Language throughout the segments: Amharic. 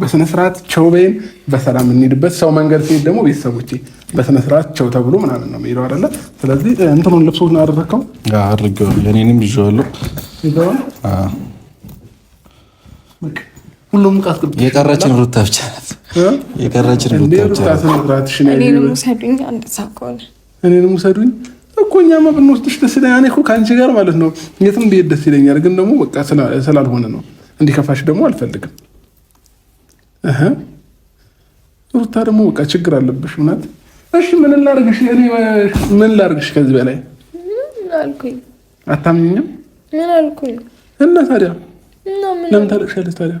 በስነስርዓት ቸው በይን በሰላም እንሄድበት። ሰው መንገድ ሲሄድ ደግሞ ቤተሰቦቼ በስነስርዓት ቸው ተብሎ ምናምን ነው ሄደው አይደለ? ስለዚህ እንትኑን ልብሶች ነው አደረግከው? አድርጌዋለሁ። እኔንም ይዤዋለሁ። ሁሉም የቀረችን ሩታ ብቻ ናት። የቀረችን እኔንም ውሰዱኝ እኮ እኛማ ብንወስድሽ ደስ ይለኛል። እኮ ከአንቺ ጋር ማለት ነው የትም ብሄድ ደስ ይለኛል። ግን ደግሞ በቃ ስላልሆነ ነው እንዲከፋሽ ደግሞ አልፈልግም። ሩታ ደግሞ በቃ ችግር አለብሽ ምናት። እሺ ምን ላርግሽ? እኔ ምን ላርግሽ? ከዚህ በላይ አልኩኝ። አታምኝም? ምን አልኩኝ? እና ታዲያ ለምን ታዲያ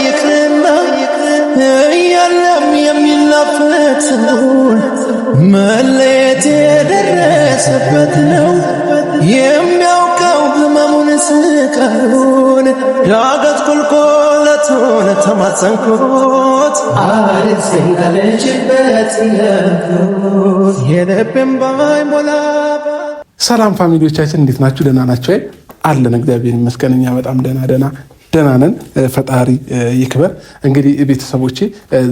ይቅርና እያለም መለየት የደረሰበት ነው የሚያውቀው ህመሙን ስቃዩን ያገጥኩልቁለት ሆነ ተማጸንኩት አስንለችበት የልብን ባይ ሰላም ፋሚሊዎቻችን እንዴት ናችሁ? ደህና ናቸው አለን። እግዚአብሔር ይመስገን እኛ በጣም ደህና ደህና ደህና ነን፣ ፈጣሪ ይክበር። እንግዲህ ቤተሰቦቼ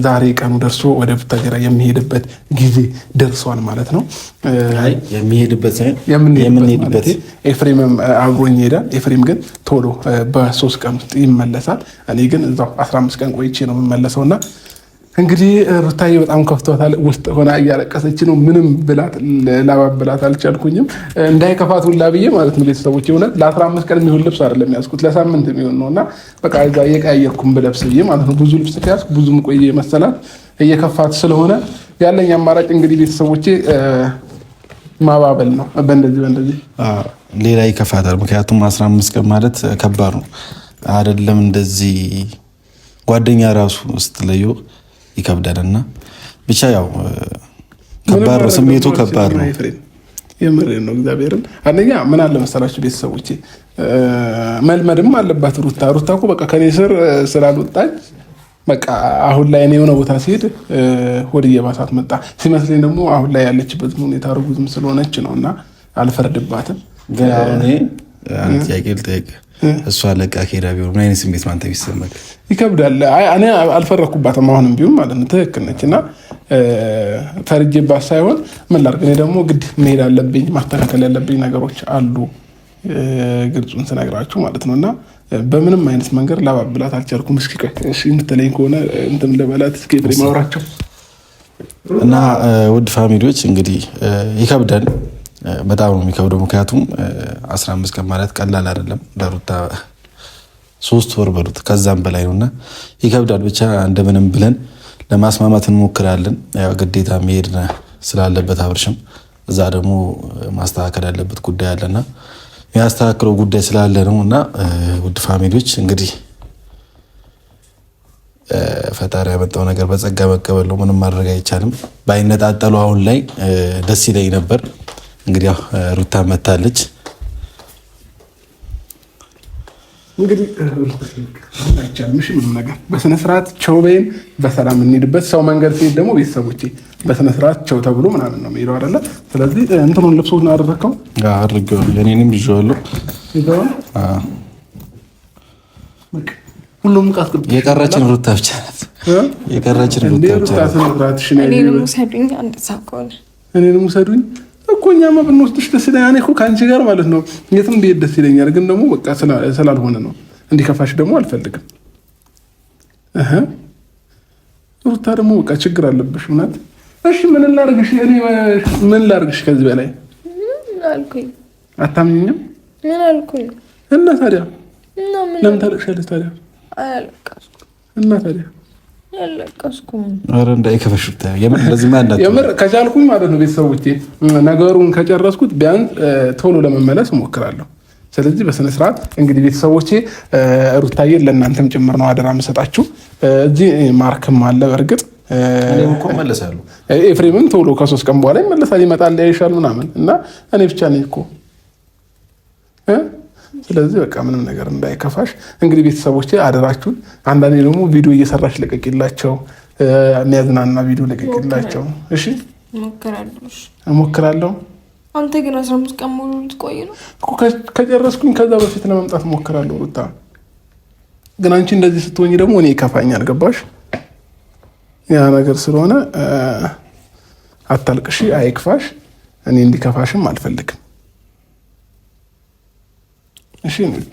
ዛሬ ቀኑ ደርሶ ወደ ቡታጀራ የሚሄድበት ጊዜ ደርሷል ማለት ነው። የሚሄድበት የምንሄድበት ኤፍሬምም አብሮኝ ይሄዳል። ኤፍሬም ግን ቶሎ በሶስት ቀን ውስጥ ይመለሳል። እኔ ግን እዛው 15 ቀን ቆይቼ ነው የምመለሰውና እንግዲህ ሩታዬ በጣም ከፍቷታል። ውስጥ ሆና እያለቀሰች ነው። ምንም ብላት ላባብላት አልቻልኩኝም። እንዳይከፋት ሁላ ብዬ ማለት ነው። ቤተሰቦች እውነት ለአስራ አምስት ቀን የሚሆን ልብስ አይደለም ያዝኩት ለሳምንት የሚሆን ነው እና በቃ እዛ እየቀያየርኩም ብለብስ ብዬ ማለት ነው። ብዙ ልብስ ከያዝኩ ብዙ ቆየ መሰላት እየከፋት ስለሆነ ያለኝ አማራጭ እንግዲህ ቤተሰቦቼ ማባበል ነው። በእንደዚህ በእንደዚህ ሌላ ይከፋታል። ምክንያቱም አስራ አምስት ቀን ማለት ከባድ ነው አይደለም እንደዚህ ጓደኛ ራሱ ስትለየው ይከብዳል እና ብቻ ያው ከባድ ነው፣ ስሜቱ ከባድ ነው። የምሬን ነው። እግዚአብሔርን አንደኛ ምን አለ መሰላችሁ ቤተሰቦች መልመድም አለባት ሩታ። ሩታ እኮ በቃ ከኔ ስር ስላልወጣች በቃ አሁን ላይ እኔ የሆነ ቦታ ሲሄድ ሆድ እየባሳት መጣ ሲመስለኝ፣ ደግሞ አሁን ላይ ያለችበት ሁኔታ ርጉዝም ስለሆነች ነው እና አልፈርድባትም። አንድ ጥያቄ ልጠይቅ። እሷ ለቃ ሄዳ ቢሆን ምን አይነት ስሜት ማንተ ቢሰማል? ይከብዳል። እኔ አልፈረኩባትም አሁንም ቢሆን ማለት ነው። ትክክል ነች እና ፈርጄባት ሳይሆን ምን ላድርግ እኔ ደግሞ ግድ መሄድ አለብኝ። ማስተካከል ያለብኝ ነገሮች አሉ፣ ግልጹን ስነግራችሁ ማለት ነው እና በምንም አይነት መንገድ ላባብላት አልቻልኩም። እስኪ የምትለኝ ከሆነ እንትን ልበላት እስኪ ማውራቸው እና ውድ ፋሚሊዎች እንግዲህ ይከብዳል በጣም ነው የሚከብደው። ምክንያቱም 15 ቀን ማለት ቀላል አይደለም ለሩታ ሶስት ወር በሉት ከዛም በላይ ነውና ይከብዳል። ብቻ እንደምንም ብለን ለማስማማት እንሞክራለን። ያው ግዴታ መሄድ ስላለበት አብርሽም እዛ ደግሞ ማስተካከል ያለበት ጉዳይ አለና የሚያስተካክለው ጉዳይ ስላለ ነው እና ውድ ፋሚሊዎች እንግዲህ ፈጣሪ ያመጣው ነገር በጸጋ መቀበል ነው። ምንም ማድረግ አይቻልም። ባይነጣጠሉ አሁን ላይ ደስ ይለኝ ነበር። እንግዲህ ሩታ መታለች። እንግዲህ በስነ ስርዓት ቸው በይን፣ በሰላም እንሄድበት። ሰው መንገድ ሲሄድ ደግሞ ቤተሰቦቼ በስነ ስርዓት ቸው ተብሎ ምናምን ነው የሚሄደው አይደለ? ስለዚህ እንትኑን ልብሶ አደረከው አድርገው የኔንም ይዤዋለሁ። ሁሉም የቀረችን ሩታ ብቻ ናት። የቀረችን ሩታ ብቻ ናት። እኔንም ውሰዱኝ እኮ እኛማ ብንወስድሽ ደስ ይለኛል። እኔ እኮ ከአንቺ ጋር ማለት ነው የትም እንዲሄድ ደስ ይለኛል፣ ግን ደግሞ በቃ ስላልሆነ ነው። እንዲከፋሽ ደግሞ አልፈልግም። ሩታ ደግሞ በቃ ችግር አለብሽ ምናምን። እሺ ምን ላርግሽ? እኔ ምን ላርግሽ ከዚህ በላይ አልኩኝ። አታምኝም? ምን አልኩኝ? እና ታዲያ ለምን ታለቅሻለሽ ታዲያ? እና ታዲያ ከቻልኩኝ ማለት ነው ቤተሰቦች ነገሩን ከጨረስኩት ቢያንስ ቶሎ ለመመለስ እሞክራለሁ። ስለዚህ በስነስርዓት እንግዲህ ቤተሰቦቼ ሩታዬን ለእናንተም ጭምር ነው አደራ የምሰጣችሁ። እዚህ ማርክም አለ በእርግጥ ኤፍሬምም ቶሎ ከሶስት ቀን በኋላ ይመለሳል፣ ይመጣል፣ ያይሻል ምናምን እና እኔ ብቻ ነኝ እኮ ስለዚህ በቃ ምንም ነገር እንዳይከፋሽ። እንግዲህ ቤተሰቦች አደራችሁን። አንዳንዴ ደግሞ ቪዲዮ እየሰራሽ ልቀቂላቸው፣ የሚያዝናና ቪዲዮ ልቀቂላቸው። እሺ እሞክራለሁ። አንተ ግን አስራ አምስት ቀን ሙሉ ልትቆይ ነው ከጨረስኩኝ ከዛ በፊት ለመምጣት እሞክራለሁ። ሩታ ግን አንቺ እንደዚህ ስትሆኝ ደግሞ እኔ ይከፋኛል። ገባሽ? ያ ነገር ስለሆነ አታልቅሺ፣ አይክፋሽ። እኔ እንዲከፋሽም አልፈልግም። እሺ ምድ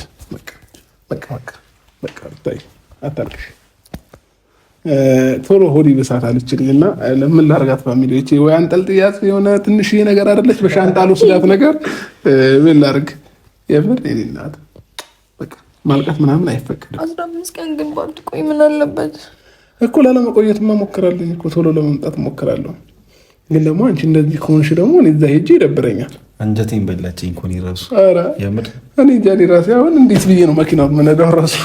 ቶሎ ሆዲ በሳት አልችልና ለምን ላርጋት ፋሚሊ ፋሚሊዎቼ፣ ወይ አንጠልጥያት የሆነ ትንሽ ነገር አይደለች በሻንጣሉ ስዳት ነገር ምን ላርግ? የምር የሌላት በቃ ማልቀት ምናምን አይፈቅድም። አስራ አምስት ቀን ግን ባትቆይ ምን አለበት እኮ ላለመቆየትማ ሞክራለሁ እኮ ቶሎ ለመምጣት ሞክራለሁ። ግን ደግሞ አንቺ እንደዚህ ከሆንሽ ደግሞ እዛ ሄጄ ይደብረኛል። አንጀቴን በላችኝ እኮ እኔ እራሱ እኔ እንጃ እኔ እራሴ አሁን እንዴት ብዬ ነው መኪና የምነዳው እራሱ።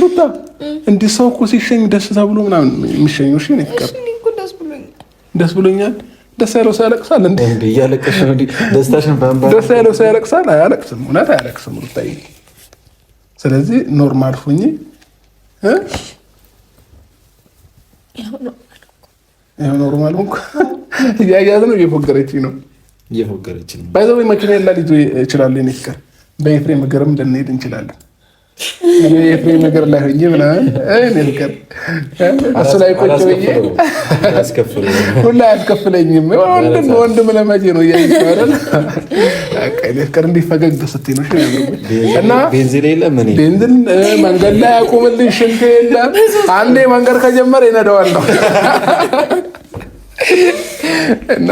ሩታ እንዲህ ሰው እኮ ሲሸኝ ደስታ ብሎ ምናምን የሚሸኘው እሺ፣ ነው ይቀር ደስ ብሎኛል። ደስ ያለው ሰው ያለቅሳል። እንደ ደስ ያለው ሰው ያለቅሳል። አያለቅስም፣ እውነት አያለቅስም ሩታዬ። ስለዚህ ኖርማል ሁኚ። ኖርማል እያያዝ ነው። እየፎገረች ነው እየፎገረች ነው። ባይዘ መኪና ያላ ልጅ ይችላል። ኔ ፍቅር በኤፍሬም እግርም ልንሄድ እንችላለን። የፍሬ ነገር ላይ ሆኜ ምናምን እሱ ላይ ቁጭ ብዬ ሁላ አያስከፍለኝም። ወንድም ወንድም ለመቼ ነው እያቀር ቀር እንዲፈገግ ስትይ ነው እና ቤንዚን የለም ቤንዚን መንገድ ላይ አቁምልኝ፣ ሽንት የለም። አንዴ መንገድ ከጀመረ ይነደዋል ነው እና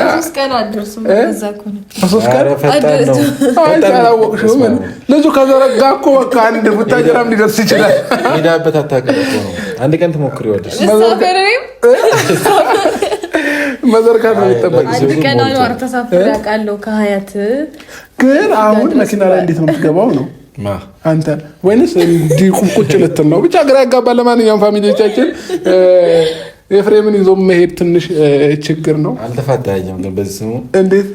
ልጁ ከዘረጋ እኮ በቃ አንድ ቡታጀራም ሊደርስ ይችላል። ሄዳበት አንድ ቀን ትሞክር መዘርጋት ነው የሚጠበቅ። ከሀያት ግን አሁን መኪና ላይ እንዴት ነው የምትገባው ነው አንተ ወይንስ እንዲህ ቁጭ ልትል ነው? ብቻ ግራ ያጋባ። ለማንኛውም ፋሚሊዎቻችን ኤፍሬምን ይዞ መሄድ ትንሽ ችግር ነው። አልተፋታኝም። በዚህ ስሙ እንዴት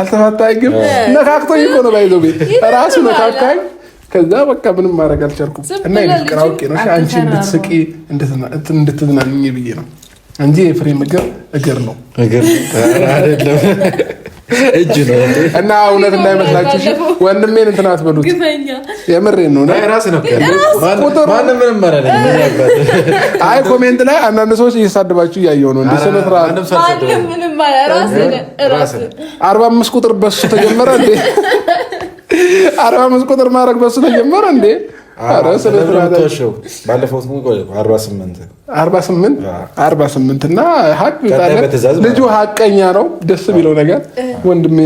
አልተፋታኝም? ነካክቶኝ እኮ ነው ባይዞ ቤት ራሱ ነካካኝ። ከዛ በቃ ምንም ማድረግ አልቻልኩም እና የፍቅር አውቄ ነው አንቺ እንድትስቂ እንድትዝናኝ ብዬ ነው እንጂ የኤፍሬም እግር እግር ነው እግር አይደለም እጅ ነው እና እውነት እንዳይመስላችሁ ወንድሜን እንትን አትበሉት። የምሬ ነው። አይ ኮሜንት ላይ አንዳንድ ሰዎች እየሳደባችሁ እያየው ነው። እንዲህ ስነ ስርዓት አርባ አምስት ቁጥር በሱ ተጀመረ እንዴ? አርባ አምስት ቁጥር ማድረግ በሱ ተጀመረ እንዴ? ልጁ ሀቀኛ ነው። ደስ የሚለው ነገር ወንድሜ፣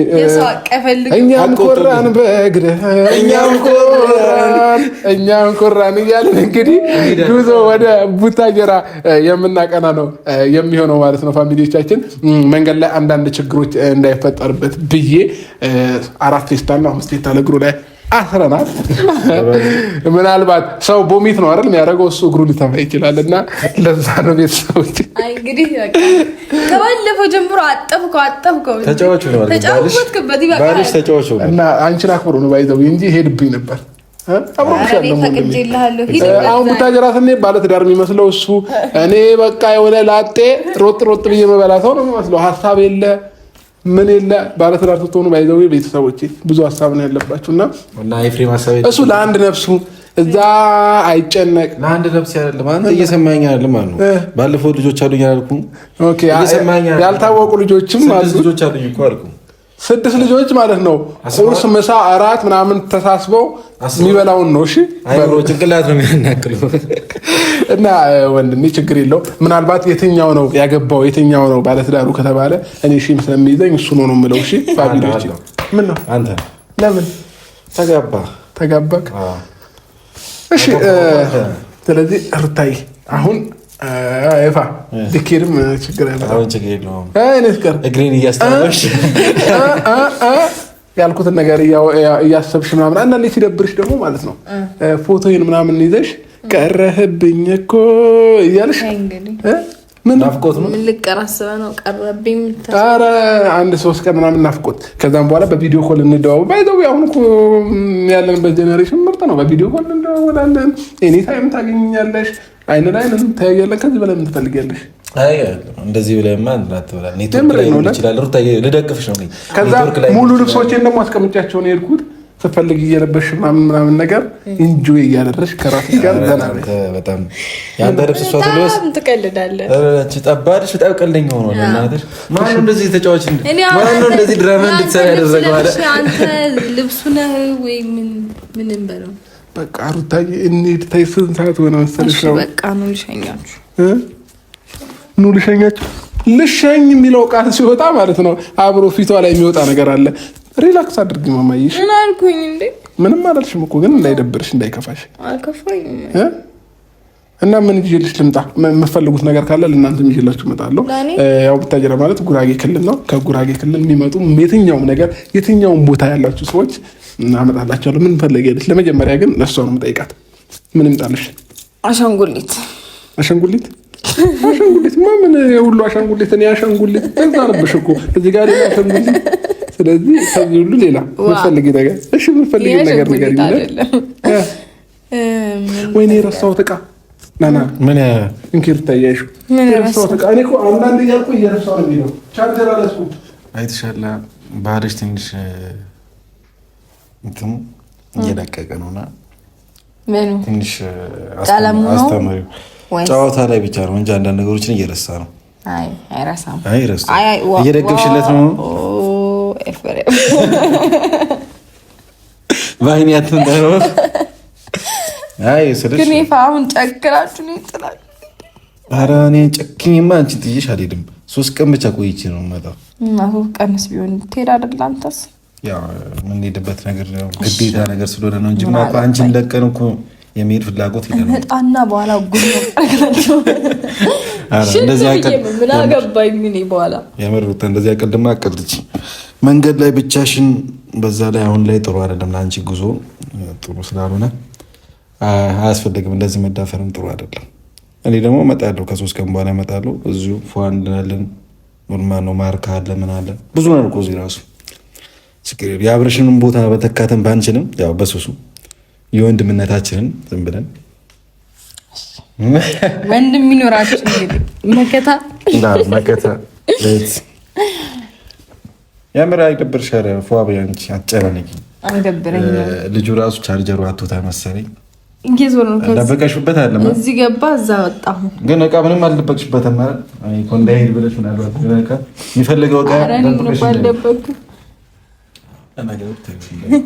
እኛም ኮራን በእግርህ እኛም ኮራን እኛም እያለን እንግዲህ ጉዞ ወደ ቡታጀራ የምናቀና ነው የሚሆነው ማለት ነው። ፋሚሊዎቻችን መንገድ ላይ አንዳንድ ችግሮች እንዳይፈጠርበት ብዬ አራት ፌስታና አምስት ፌስታ ለእግሩ ላይ አስረናት። ምናልባት ሰው ቦሚት ነው አይደል የሚያደርገው እሱ እግሩ ሊተማ ይችላል። እና ለዛ ነው ቤተሰቦች እንግዲህ ከባለፈው ጀምሮ አጠፍከው አጠፍከው ተጫዋች እና አንቺን አክብሮ ነው ባይዘው እንጂ ሄድብኝ ነበር። አሁን ቡታጀራ ስንሄድ ባለትዳር የሚመስለው እሱ እኔ በቃ የሆነ ላጤ ሮጥ ሮጥ ብዬ መበላ ሰው ነው የሚመስለው ሀሳብ የለ ምን የለ ባለትዳር ስትሆኑ ባይዘው ቤተሰቦች ብዙ ሀሳብ ነው ያለባችሁ እና እሱ ለአንድ ነፍሱ እዛ አይጨነቅ ለአንድ ነፍስ ያለም አንተ እየሰማኝ ያለም አሉ። ባለፈው ልጆች አሉኝ አላልኩም? ያልታወቁ ልጆችም አሉ ልጆች አሉኝ እኮ አልኩ። ስድስት ልጆች ማለት ነው። ቁርስ፣ ምሳ፣ እራት ምናምን ተሳስበው የሚበላውን ነው። እሺ ጭንቅላት ነው የሚያናክሉ እና ወንድሜ ችግር የለው። ምናልባት የትኛው ነው ያገባው የትኛው ነው ባለትዳሩ ከተባለ እኔ ሺም ስለሚይዘኝ እሱ ነው ነው የምለው። እሺ ፋሚሊዎች ምን ነው አንተ ለምን ተጋባ ተጋባክ? እሺ ስለዚህ ሩታይ አሁን ዲኬድም ችግር እግሬን እያስታወሽ ያልኩትን ነገር እያሰብሽ ምናምን አንዳንዴ ሲደብርሽ ደግሞ ማለት ነው ፎቶይን ምናምን ይዘሽ ቀረህብኝ እኮ እያልሽ ናፍቆት ነው። ምን ልቀራስበ ነው ቀረብኝ። ኧረ አንድ ሶስት ቀን ምናምን ናፍቆት። ከዛም በኋላ በቪዲዮ ኮል እንደዋወል ባይዘው። አሁን እኮ ያለንበት ጀኔሬሽን ምርጥ ነው። በቪዲዮ ኮል እንደዋወላለን። ኤኒ ታይም ታገኛለሽ። አይን ላይን ነው ታያያለ። ከዚህ በላይ ምን ትፈልጊያለሽ? እንደዚህ ብለህማ ኔትወርክ ላይ ይችላል። ልደቅፍሽ ነው። ከዛ ሙሉ ልብሶቼን ደግሞ አስቀምጫቸውን የሄድኩት ስትፈልግ እየለበሽ ምናምን ነገር እንጆ እያደረሽ ከራሴ ጋር በጣም የአንተ ልብስ እሷ ጠባድሽ በጣም ቀልደኛ ሆኖ ማነው እንደዚህ ተጫዋች ማነው እንደዚህ ድራማ እንድትሰራ ያደረገው? አንተ ልብሱ ነህ ወይ ምንም በቃ ሩታዬ እንሂድ። ተይ ስንት ሰዓት ሆነ መሰለሽ? በቃ ኑ ልሸኛችሁ፣ ኑ ልሸኛችሁ። ልሸኝ የሚለው ቃል ሲወጣ ማለት ነው አብሮ ፊቷ ላይ የሚወጣ ነገር አለ ሪላክስ አድርጊ ማማዬ። እሺ ምን አልኩኝ እንዴ? ምንም አላልሽም እኮ ግን እንዳይደብርሽ እንዳይከፋሽ። አልከፋኝም። እና ምን ይዤልሽ ልምጣ? የምትፈልጉት ነገር ካለ ለእናንተም ይዤላችሁ እመጣለሁ። ያው ቡታጀራ ማለት ጉራጌ ክልል ነው። ከጉራጌ ክልል የሚመጡ የትኛውም ነገር የትኛውም ቦታ ያላችሁ ሰዎች እናመጣላችኋለሁ። ምን ፈለጊያለሽ? ለመጀመሪያ ግን ለእሷ ነው የምጠይቃት። ምን ይምጣልሽ? አሻንጉሊት አሻንጉሊት አሻንጉሊት ማምን የሁሉ አሻንጉሊት እኔ አሻንጉሊት በዛ ነብሽ እኮ እዚህ ጋር አሻንጉሊት ስለዚህ ከዚህ ሁሉ ሌላ ምፈልግ ነገር እሺ፣ ምፈልግ ነገር ነገር ወይኔ የረሳሁት ዕቃ ናና ምን እንኪር ታያሹ የረሳሁት ዕቃ እኔ እኮ አንዳንድ እያልኩ እየረሳሁ ነው የሚለው ቻርጀር አለስኩ። አይተሻላ ባህሪሽ ትንሽ እንትኑ እየለቀቀ ነውና ትንሽ አስተማሪው ጨዋታ ላይ ብቻ ነው እንጂ አንዳንድ ነገሮችን እየረሳ ነው። አይ አይረሳም። አይ እየደገፍሽለት ነው ባህንያት እንዳይኖር ግን ይፋ አሁን ጨክራችሁ ነው ይጥላል። ኧረ እኔ ጨክኝማ ጥዬሽ አልሄድም። ሶስት ቀን ብቻ ቆይቼ ነው የምመጣው። ሶስት ቀንስ ቢሆን ትሄድ አንተስ የምንሄድበት ነገር ግዴታ ነገር ስለሆነ ነው እንጂ እኮ የሚሄድ ፍላጎት ይመጣና በኋላ ጉድ እንደዚህ በኋላ እንደዚህ መንገድ ላይ ብቻሽን፣ በዛ ላይ አሁን ላይ ጥሩ አይደለም ለአንቺ ጉዞ ጥሩ ስላልሆነ አያስፈልግም። እንደዚህ መዳፈርም ጥሩ አይደለም። እኔ ደግሞ እመጣለሁ፣ ከሶስት ቀን በኋላ እመጣለሁ። እዚሁ ፏን እንላለን። ኖርማል ነው። ማርክ አለ ምን አለ ብዙ ነው እኮ እዚህ ራሱ የአብረሽንም ቦታ በተካተን ባንችንም ያው በሱሱ የወንድምነታችንን ዝም ብለን ወንድም ይኖራችሁ መከታ መከታ የምር አይደብርሽም? ፏብ ያንቺ አንቺ አጨናነቂ። አይደብረኝም። ልጁ ራሱ ቻርጀሩ አቶታ መሰለኝ ደበቀሽበት አለ እዚህ ገባ እዛ ወጣ። ግን እቃ ምንም አልደበቅሽበትም እንዳይሄድ ብለሽ ምናልባት የሚፈልገው እቃ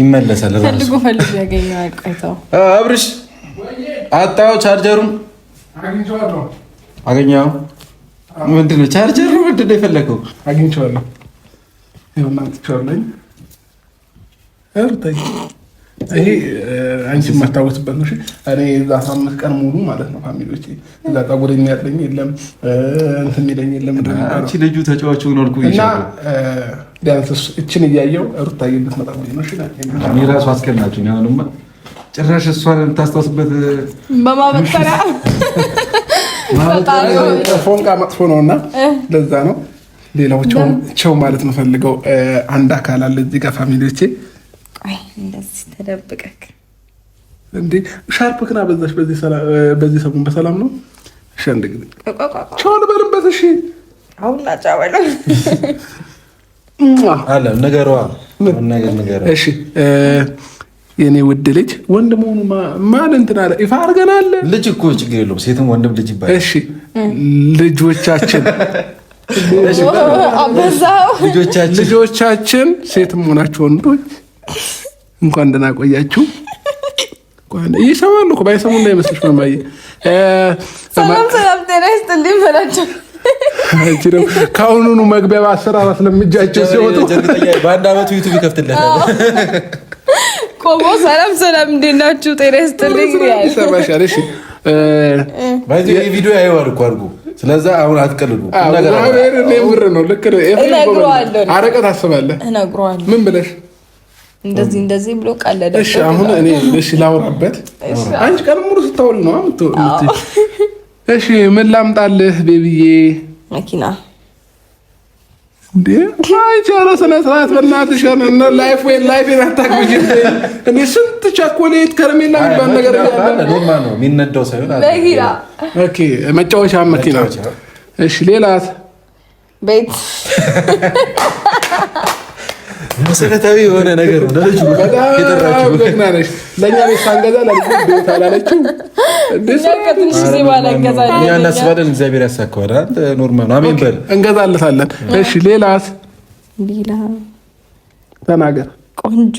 ይመለሳል። አብርሽ አጣው ቻርጀሩን አገኘው ምንድን ነው ቻርጀር ነው ምንድን ነው የፈለገው? አግኝቼዋለሁ። ይኸውና አምጥቼዋለሁ። ይሄ አንቺ የማታወስበት ነው። እኔ አስራ አምስት ቀን ሙሉ ማለት ነው ፋሚሊዎች እዛ ጸጉር የሚያጥለኝ የለም እንትን የሚለኝ የለም። አንቺ ልጁ ተጫዋቹ ነው ልኩ እና ቢያንስ እችን እያየው ሩታዬ ብትመጣ ነው የራሱ አስከናችሁኝ ጭራሽ እሷን የምታስታውስበት በማበጠሪያ ፎንቃ መጥፎ ነው እና ለዛ ነው። ሌላው ቸው ማለት የምፈልገው አንድ አካል አለ እዚህ ጋር ፋሚሊዎቼ። እንደዚህ ተደብቀክ እንዴ ሻርፕ ክና በዛሽ በዚህ ሰሞን በሰላም ነው። እሺ አንድ ጊዜ ቸው ልበልበት። እሺ አለ ነገሯ ነገር እሺ የኔ ውድ ልጅ ወንድ መሆኑ ማን እንትን አለ ይፋ አድርገናል። ልጅ እኮ ችግር የለውም ሴትም ወንድም ልጅ ይባላል። እሺ ልጆቻችን ልጆቻችን ሴት ሆናችሁ ወንዶች እንኳን ደህና ቆያችሁ። ይሰማሉ ባይሰሙ እንዳይመስልሽ። መማዬ ሰላም ሰላም፣ ጤና ይስጥልኝ በላቸው። ከአሁኑኑ መግቢያ በአሰራር ስለምጃቸው ሲወጡ በአንድ አመቱ ዩቱብ ይከፍትለታል። ቆሞ ሰላም ሰላም፣ እንዴት ናችሁ? ጤና ይስጥልኝ። ቪዲዮ ያየዋል እኮ አድርጎ ስለዛ አሁን አትቀልዱ። ምር ነው ልክ አረቀት አስባለህ። ምን ብለሽ እንደዚህ እንደዚህ ብሎ ቀለደ። እሺ አሁን እኔ እሺ ላውራበት። አንቺ ቀን ሙሉ ስታውል ነው። እሺ ምን ላምጣልህ ቤቢዬ? መኪና ኧረ ስነ ስርዓት በእናትሽ ላይፍ ወይ ላይፍ አታውቅም። እኔ ስንት ቻኮሌት ከረሜላ የሚባል ነገር የሚነዳው ሳይሆን መጫወቻ መኪና። እሺ ሌላት ቤት መሰረታዊ የሆነ ነገር ነው። ለልጁ ለእኛ ቤት ሳንገዛ ቤት አላለችው። እኛ እናስባለን፣ እግዚአብሔር ያሳካዋል። ነው። አሜን በል እንገዛለታለን። እሺ ሌላስ? ሌላ ተናገር። ቆንጆ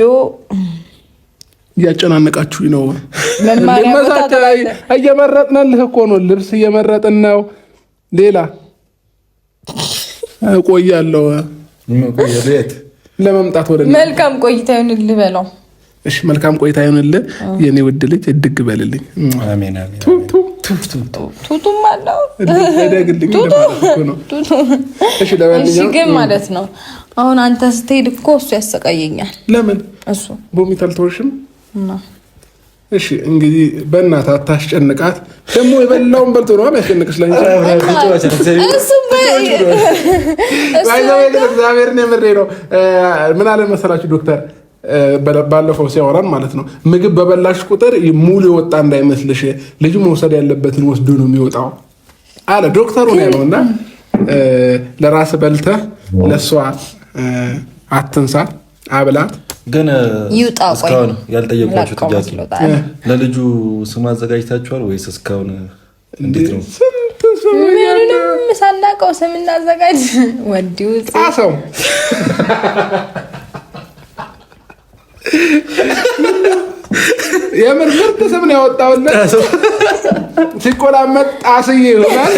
ነው። እየመረጥንልህ እኮ ነው፣ ልብስ እየመረጥን ነው። ሌላ እቆያለሁ ለመምጣት ወደ መልካም ቆይታ ይሁንልህ በለው። እሺ መልካም ቆይታ ይሁንልህ የኔ ውድ ልጅ፣ እድግ በልልኝ። ቱቱም አለው ግን ማለት ነው። አሁን አንተ ስትሄድ እኮ እሱ ያሰቃየኛል። ለምን እሱ ቦሚት አልተወሽም እሺ እንግዲህ በእናት አታስጨንቃት። ደግሞ የበላውን በልቶ ነው የሚያስጨንቅሽ። ለእግዚአብሔር የምሬ ነው። ምን አለን መሰላችሁ ዶክተር ባለፈው ሲያወራን ማለት ነው ምግብ በበላሽ ቁጥር ሙሉ የወጣ እንዳይመስልሽ ልጁ መውሰድ ያለበትን ወስዶ ነው የሚወጣው አለ ዶክተሩ ነው ያለው። እና ለራስ በልተህ ለእሷ አትንሳ አብላት ግን እስካሁን ያልጠየቋችሁ ጥያቄ ለልጁ ስም አዘጋጅታችኋል ወይስ እስካሁን እንዴት ነው? ምንም ሳናውቀው ስም እናዘጋጅ ወዲው ጻፈው የምር ምርጥ ስም ነው ያወጣውና ሲቆላመጥ ጣስዬ ይሆናል።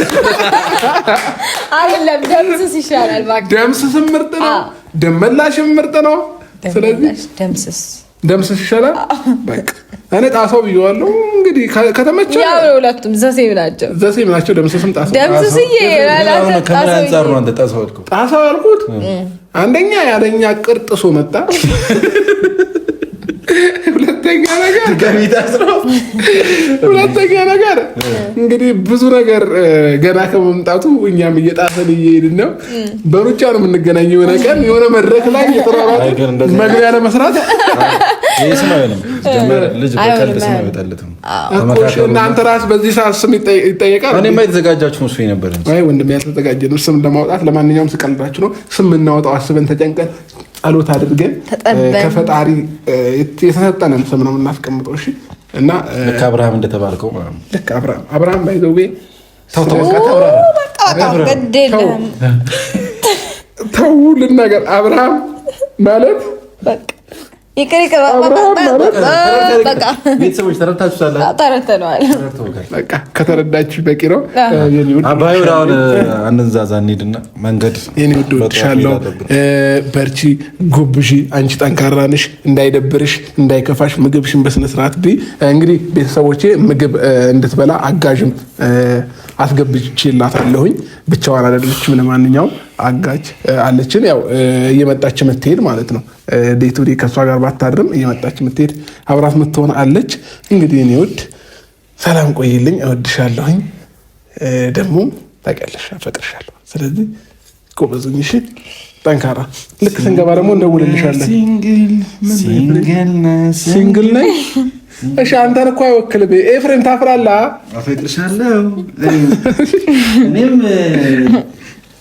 አይደለም ደምስስ ይሻላል። ደምስስም ምርጥ ነው፣ ደመላሽም ምርጥ ነው። ስለዚህ ደምስስ ይሻላል። እኔ ጣሳው ብየዋለሁ። እንግዲህ ከተመቸ ሁለቱም ዘሴም ናቸው፣ ዘሴም ናቸው። ደምስስም ጣሳው ያልኩት አንደኛ ያለኛ ቅርጥሶ መጣ ሁለተኛ ነገር ሁለተኛ ነገር እንግዲህ ብዙ ነገር ገና ከመምጣቱ እኛም እየጣሰን እየሄድን ነው። በሩጫ ነው የምንገናኘው። የሆነ ቀን የሆነ መድረክ ላይ የተራራት መግቢያ ለመስራት እናንተ ራስ በዚህ ሰዓት ስም ይጠየቃል። እኔማ የተዘጋጃችሁ ነው እሱ ወንድም ያልተዘጋጀ ነው ስም ለማውጣት። ለማንኛውም ስቀልዳችሁ ነው ስም እናወጣው አስበን ተጨንቀን ጸሎት አድርገን ከፈጣሪ የተሰጠነን ስም ነው የምናስቀምጠው። እሺ እና ልክ አብርሃም እንደተባልከው ልክ አብርሃም አብርሃም ባይዘው ተው ልናገር አብርሃም ማለት ይቅር ይቅር፣ በቃ ቤተሰቦች ተረድታችሁታል። ከተረዳችሁ በቂ ነው። አባይ አሁን አንንዛዛ እንሂድና መንገድ የኔ ውድ ወድሻለሁ። በርቺ፣ አንቺ ጠንካራ ነሽ። እንዳይደብርሽ፣ እንዳይከፋሽ ምግብሽን በስነስርዓት ብይ። እንግዲህ ቤተሰቦቼ ምግብ እንድትበላ አጋዥም አስገብቼላታለሁኝ። ብቻዋን አይደለችም። ለማንኛውም አጋጅ አለችን። ያው እየመጣች የምትሄድ ማለት ነው። ዴይ ቱ ዴይ ከእሷ ጋር ባታድርም እየመጣች የምትሄድ አብራት የምትሆን አለች። እንግዲህ እኔ ውድ ሰላም ቆይልኝ፣ እወድሻለሁኝ። ደግሞ ታውቂያለሽ አፈቅርሻለሁ። ስለዚህ ጎበዙኝ፣ እሺ ጠንካራ። ልክ ስንገባ ደግሞ እንደውልልሻለን። ሲንግል ነኝ። እሺ አንተን እኮ አይወክልም። ኤፍሬም ታፍራላ። አፈቅርሻለሁ እኔም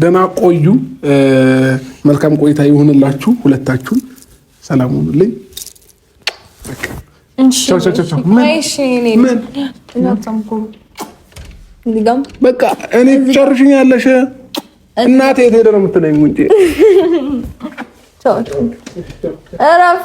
ደህና ቆዩ። መልካም ቆይታ ይሁንላችሁ ሁለታችሁ። ሰላም ሁኑልኝ። በቃ እኔ ጨርሽኝ ያለሽ እናቴ የት ሄደ ነው የምትለኝ? ጉንጭ እረፍ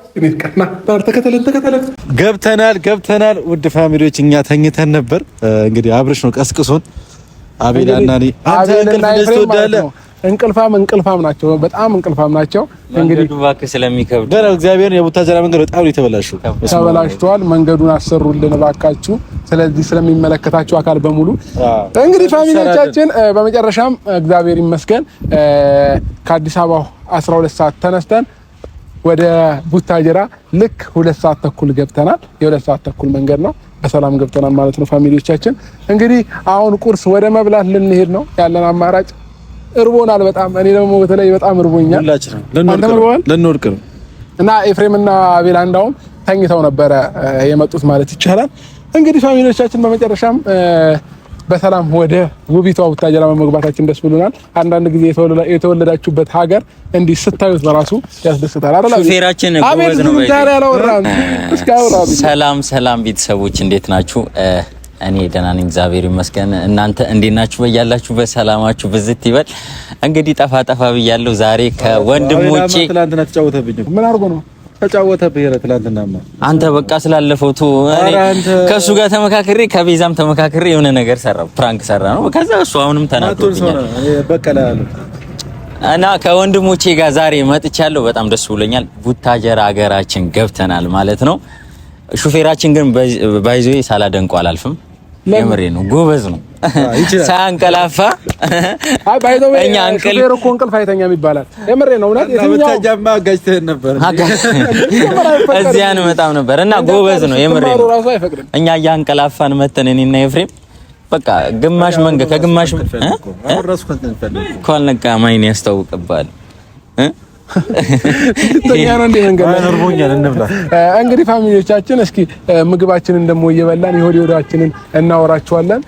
ተከተለን ተከተለን ገብተናል ገብተናል። ውድ ፋሚሊዎች እኛ ተኝተን ነበር። እንግዲህ አብርሽ ነው ቀስቅሶን። አቤላና እኔ አንተ እንቅልፍ ትወዳለህ? እንቅልፋም እንቅልፋም ናቸው፣ በጣም እንቅልፋም ናቸው። እንግዲህ እባክህ ስለሚከብድ እግዚአብሔር የቡታ የቡታጀራ መንገድ በጣም ነው የተበላሸው፣ ተበላሽቷል። መንገዱን አሰሩልን እባካችሁ። ስለዚህ ስለሚመለከታችሁ አካል በሙሉ እንግዲህ ፋሚሊዎቻችን፣ በመጨረሻም እግዚአብሔር ይመስገን ከአዲስ አበባ 12 ሰዓት ተነስተን ወደ ቡታጀራ ልክ ሁለት ሰዓት ተኩል ገብተናል። የሁለት ሰዓት ተኩል መንገድ ነው። በሰላም ገብተናል ማለት ነው። ፋሚሊዎቻችን እንግዲህ አሁን ቁርስ ወደ መብላት ልንሄድ ነው ያለን አማራጭ። እርቦናል በጣም እኔ ደግሞ በተለይ በጣም እርቦኛል። ልንወድቅ ነው እና ኤፍሬም እና አቤላ እንዳውም ተኝተው ነበረ የመጡት ማለት ይቻላል። እንግዲህ ፋሚሊዎቻችን በመጨረሻም በሰላም ወደ ውቢቷ ቡታጀራ በመግባታችን ደስ ብሎናል። አንዳንድ ጊዜ የተወለዳችሁበት ሀገር እንዲህ ስታዩት በራሱ ያስደስታል። ሹፌራችን ሰላም ሰላም ቤተሰቦች እንዴት ናችሁ? እኔ ደህና ነኝ፣ እግዚአብሔር ይመስገን። እናንተ እንዴት ናችሁ? በያላችሁ በሰላማችሁ ብዝት ይበል። እንግዲህ ጠፋ ጠፋ ብያለሁ ዛሬ ከወንድም ከወንድሞቼ ምን አድርጎ ነው ተጫወተብህ ኧረ ትናንትናማ አንተ በቃ ስላለፈው ቱ ከእሱ ጋር ተመካክሬ ከቤዛም ተመካክሬ የሆነ ነገር ሰራ ፕራንክ ሰራ ነው። ከዛ እሱ አሁንም ተናግሮብኛል እና ከወንድሞቼ ጋር ዛሬ መጥቻለሁ። በጣም ደስ ብሎኛል። ቡታጀራ ሀገራችን ገብተናል ማለት ነው። ሹፌራችን ግን ባይዞ ሳላደንቆ አላልፍም። የምሬ ነው፣ ጎበዝ ነው። ሳንቀላፋ እኛ እንቅልፍ አይተኛም ይባላል። የምሬ ነው። እዚያ እንመጣም ነበር እና ጎበዝ ነው። የምሬ ነው። እኛ እያንቀላፋን መተን ኤፍሬም በቃ ግማሽ መንገድ ከግማሽ ነቃ ማይን ያስታውቅባል። እንግዲህ ፋሚሊዎቻችን እስኪ ምግባችንን ደግሞ እየበላን የሆድ እናወራችኋለን።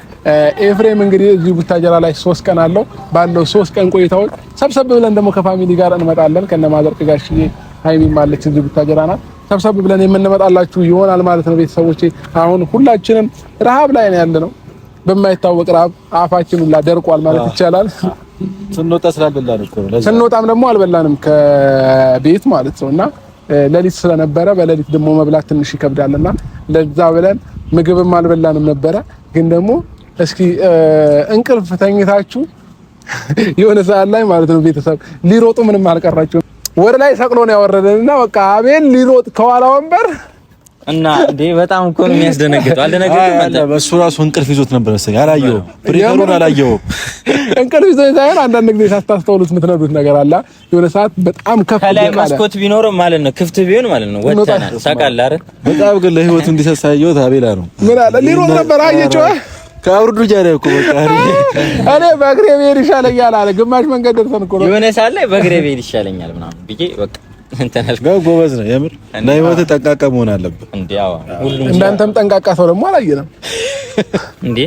ኤፍሬም እንግዲህ እዚሁ ቡታጀራ ላይ ሶስት ቀን አለው ባለው ሶስት ቀን ቆይታዎች ሰብሰብ ብለን ደግሞ ከፋሚሊ ጋር እንመጣለን። ከነማዘር ጋሽዬ ሀይሚም አለች እዚሁ ቡታጀራ ናት። ሰብሰብ ብለን የምንመጣላችሁ ይሆናል ማለት ነው ቤተሰቦቼ። አሁን ሁላችንም ረሃብ ላይ ነው ያለ ነው በማይታወቅ ረሃብ አፋችን ሁላ ደርቋል ማለት ይቻላል። ስንወጣ ስላልበላን ስንወጣም ደግሞ አልበላንም ከቤት ማለት ነው እና ሌሊት ስለነበረ በሌሊት ደግሞ መብላት ትንሽ ይከብዳልና ለዛ ብለን ምግብም አልበላንም ነበረ ግን ደግሞ እስኪ እንቅልፍ ተኝታችሁ የሆነ ሰዓት ላይ ማለት ነው ቤተሰብ ሊሮጡ ምንም አልቀራችሁ ወደ ላይ ሰቅሎ ነው ያወረደንና በቃ አቤል ሊሮጥ ከኋላ ወንበር እና እንዴ በጣም እኮ ነው የሚያስደነግጠው። አልደነገጠም አንተ በሱ ራሱ እንቅልፍ ይዞት ነበር መሰለኝ። አላየሁም፣ ፕሪፈሩን አላየሁም። እንቅልፍ ይዞት ሳይሆን አንዳንድ ጊዜ ሳታስተውሉት የምትነዱት ነገር አለ። የሆነ ሰዓት በጣም ከፍ ከላይ መስኮት ቢኖርም ማለት ነው ክፍት ቢሆን ማለት ነው ወጣና ሳቃላ አይደል። በጣም ግን ለህይወት እንዲሰሳየው ታቤላ ነው ምን አለ ሊሮጥ ነበር አየችው ከአውርዱ ጃና እኮ በቃ እኔ በእግሬ ብሄድ ይሻለኛል አለ። ግማሽ መንገድ ደርሰን እኮ ነው የሆነ ሰዓት ላይ በእግሬ ብሄድ ይሻለኛል ምናምን ብዬ በቃ ጎበዝ ነው የምር። ለህይወት ጠንቃቃ መሆን አለብህ። እንዳንተም ጠንቃቃ ሰው ደግሞ አላየንም እንዴ?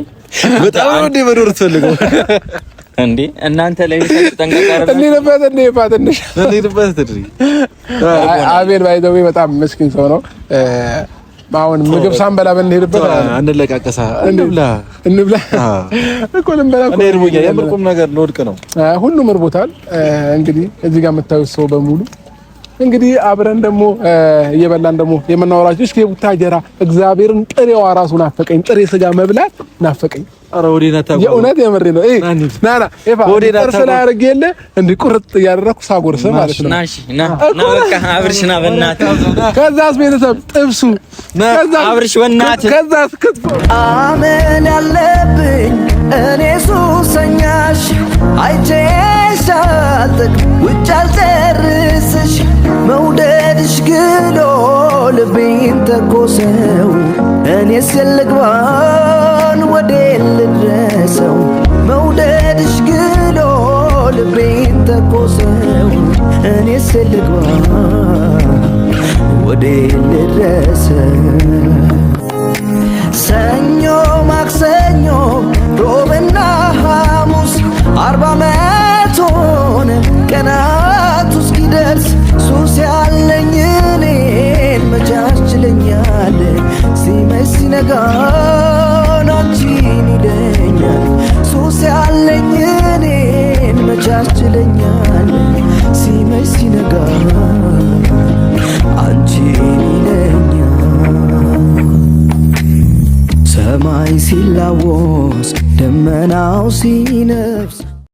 በጣም ነው እንዴ መኖር ትፈልገው እንዴ? እናንተ ለህይወት ጠንቃቃ ረብ እንዴበት እንዴፋ ትንሽ እንዴበት ትንሽ አቤል ባይዘው በጣም ምስኪን ሰው ነው። አሁን ምግብ ሳንበላ ብንሄድበት እንለቃቀሳ እንብላ እንብላ እኮ ልንበላ እኮ ነገር ልወድቅ ነው። ሁሉም እርቦታል። እንግዲህ እዚህ ጋር የምታዩት ሰው በሙሉ እንግዲህ አብረን ደግሞ እየበላን ደግሞ የምናወራችሁ እስኪ የቡታጀራ እግዚአብሔርን ጥሬዋ ራሱ ናፈቀኝ። ጥሬ ስጋ መብላት ናፈቀኝ። አረ ወዴና ታቆ የእውነት የምሬ ነው። እይ ና ና ኤፋ ወዴና ታቆ ስለ ያርግ የለ እንዲ ቁርጥ እያደረኩ ሳጎርስ ማለት ነው። ናሽ ና ና በቃ አብርሽ ና በእናትህ። ከዛስ ቤተሰብ ጥብሱ ከዛ አብርሽ በእናትህ ከዛስ ክትፎ አመል ያለብኝ እኔ ሱሰኛሽ አይቼሽ ሳልጥቅ ውጭ አልጨርስሽ መውደድሽ ግሎ ልቤን ተኮሰው እኔ የት ልግባን ወዴት ልድረሰው መውደድሽ ግሎ ልቤን ተኮሰው እኔስ የት ልግባን ልድረሰው ሲመሽ ሲነጋ አንቺ ነኛ ሰማይ ሲላወስ ደመናው ሲነፍስ